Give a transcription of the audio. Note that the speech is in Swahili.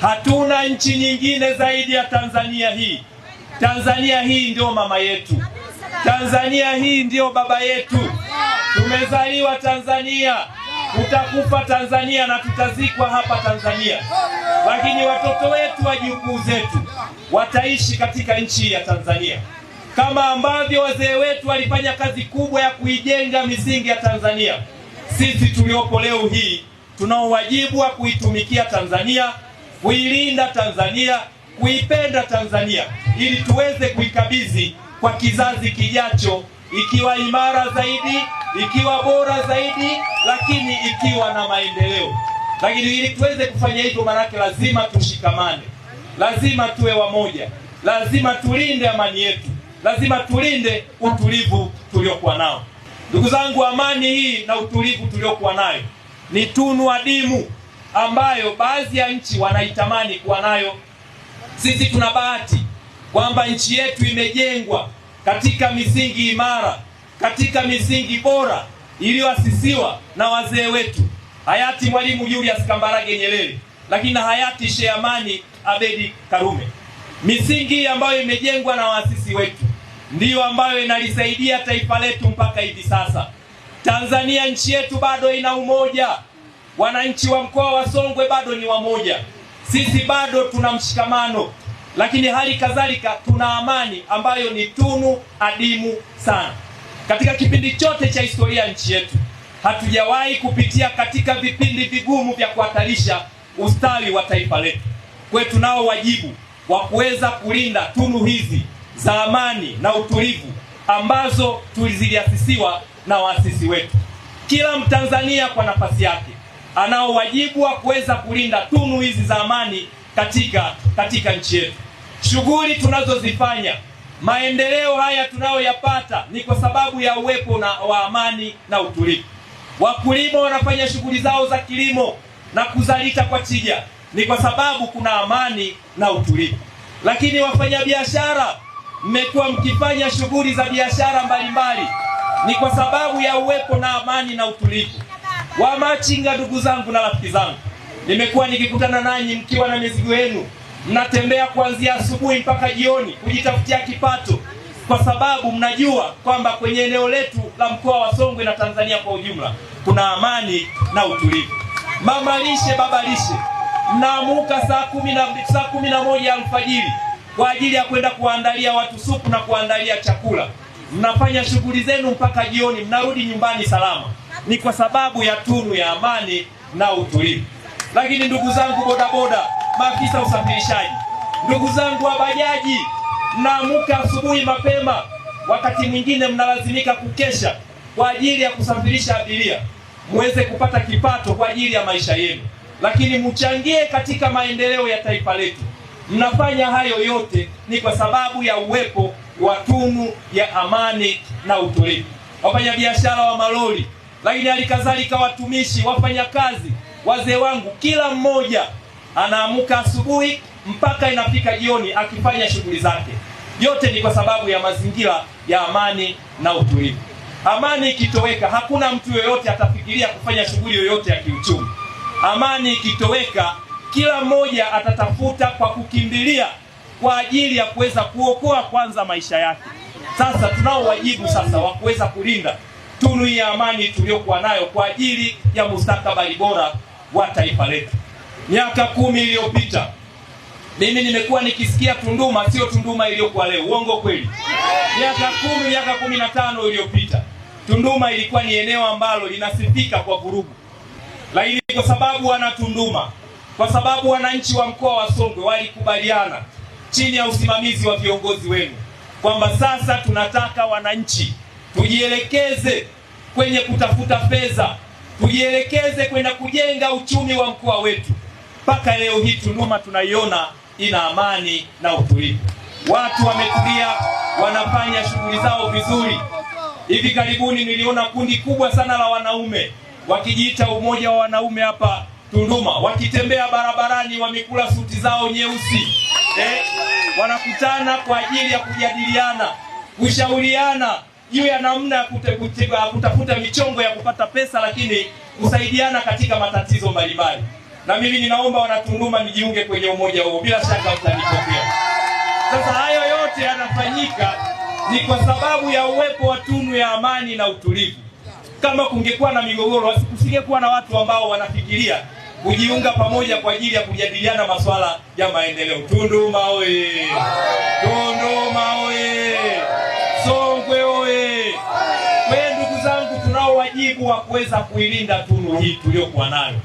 Hatuna nchi nyingine zaidi ya Tanzania hii. Tanzania hii ndio mama yetu, Tanzania hii ndio baba yetu. Tumezaliwa Tanzania, tutakufa Tanzania na tutazikwa hapa Tanzania, lakini watoto wetu, wajukuu zetu wataishi katika nchi ya Tanzania kama ambavyo wazee wetu walifanya kazi kubwa ya kuijenga misingi ya Tanzania. Sisi tuliopo leo hii tunao wajibu wa kuitumikia Tanzania kuilinda Tanzania, kuipenda Tanzania ili tuweze kuikabidhi kwa kizazi kijacho ikiwa imara zaidi, ikiwa bora zaidi, lakini ikiwa na maendeleo. Lakini ili tuweze kufanya hivyo, maanake lazima tushikamane, lazima tuwe wamoja, lazima tulinde amani yetu, lazima tulinde utulivu tuliokuwa nao. Ndugu zangu, amani hii na utulivu tuliokuwa nayo ni tunu adimu ambayo baadhi ya nchi wanaitamani kuwa nayo. Sisi tuna bahati kwamba nchi yetu imejengwa katika misingi imara, katika misingi bora iliyoasisiwa na wazee wetu hayati Mwalimu Julius Kambarage Nyerere, lakini na hayati Sheikh Amani Abedi Karume. Misingi ambayo imejengwa na waasisi wetu ndiyo ambayo inalisaidia taifa letu mpaka hivi sasa. Tanzania nchi yetu bado ina umoja wananchi wa mkoa wa Songwe bado ni wamoja, sisi bado tuna mshikamano, lakini hali kadhalika tuna amani ambayo ni tunu adimu sana. Katika kipindi chote cha historia nchi yetu hatujawahi kupitia katika vipindi vigumu vya kuhatarisha ustawi wa taifa letu. kwetu nao wajibu wa kuweza kulinda tunu hizi za amani na utulivu ambazo tuliziasisiwa na waasisi wetu. Kila Mtanzania kwa nafasi yake anao wajibu wa kuweza kulinda tunu hizi za amani katika katika nchi yetu. Shughuli tunazozifanya maendeleo haya tunayoyapata ni kwa sababu ya uwepo na wa amani na utulivu. Wakulima wanafanya shughuli zao za kilimo na kuzalisha kwa tija ni kwa sababu kuna amani na utulivu. Lakini wafanyabiashara, mmekuwa mkifanya shughuli za biashara mbalimbali ni kwa sababu ya uwepo na amani na utulivu. Wamachinga ndugu zangu na rafiki zangu, nimekuwa nikikutana nanyi mkiwa na mizigo yenu, mnatembea kuanzia asubuhi mpaka jioni kujitafutia kipato, kwa sababu mnajua kwamba kwenye eneo letu la mkoa wa Songwe na Tanzania kwa ujumla kuna amani na utulivu. Mama lishe, baba lishe, mnaamuka saa kumi na saa kumi na moja alfajiri kwa ajili ya kwenda kuwaandalia watu supu na kuandalia chakula. Mnafanya shughuli zenu mpaka jioni, mnarudi nyumbani salama ni kwa sababu ya tunu ya amani na utulivu. Lakini ndugu zangu bodaboda, maafisa usafirishaji, ndugu zangu wa bajaji, mnaamuka asubuhi mapema, wakati mwingine mnalazimika kukesha kwa ajili ya kusafirisha abiria muweze kupata kipato kwa ajili ya maisha yenu, lakini mchangie katika maendeleo ya taifa letu. Mnafanya hayo yote ni kwa sababu ya uwepo wa tunu ya amani na utulivu. Wafanyabiashara wa malori lakini halikadhalika watumishi, wafanyakazi, wazee wangu, kila mmoja anaamuka asubuhi mpaka inafika jioni akifanya shughuli zake. Yote ni kwa sababu ya mazingira ya amani na utulivu. Amani ikitoweka, hakuna mtu yoyote atafikiria kufanya shughuli yoyote ya kiuchumi. Amani ikitoweka, kila mmoja atatafuta kwa kukimbilia kwa ajili ya kuweza kuokoa kwanza maisha yake. Sasa tunao wajibu sasa wa kuweza kulinda tunu ya amani tuliyokuwa nayo kwa ajili ya mustakabali bora wa taifa letu. Miaka kumi iliyopita mimi nimekuwa nikisikia Tunduma sio Tunduma iliyokuwa leo. Uongo kweli? Miaka kumi, miaka kumi na tano iliyopita Tunduma ilikuwa ni eneo ambalo linasifika kwa vurugu, lakini kwa sababu wana Tunduma, kwa sababu wananchi wa mkoa wa Songwe walikubaliana chini ya usimamizi wa viongozi wenu kwamba sasa tunataka wananchi tujielekeze kwenye kutafuta fedha, tujielekeze kwenda kujenga uchumi wa mkoa wetu. Mpaka leo hii Tunduma tunaiona ina amani na utulivu, watu wametulia, wanafanya shughuli zao vizuri. Hivi karibuni niliona kundi kubwa sana la wanaume wakijiita umoja wa wanaume hapa Tunduma, wakitembea barabarani, wamekula suti zao nyeusi eh, wanakutana kwa ajili ya kujadiliana, kushauriana juu ya namna ya kutafuta michongo ya kupata pesa, lakini kusaidiana katika matatizo mbalimbali. Na mimi ninaomba wanatunduma nijiunge kwenye umoja huo, bila shaka utanipokea. Sasa hayo yote yanafanyika ni kwa sababu ya uwepo wa tunu ya amani na utulivu. Kama kungekuwa na migogoro, kusingekuwa na watu ambao wanafikiria kujiunga pamoja kwa ajili ya kujadiliana masuala ya maendeleo. Tunduma oye! kuweza kuilinda tunu hii tuliyokuwa nayo.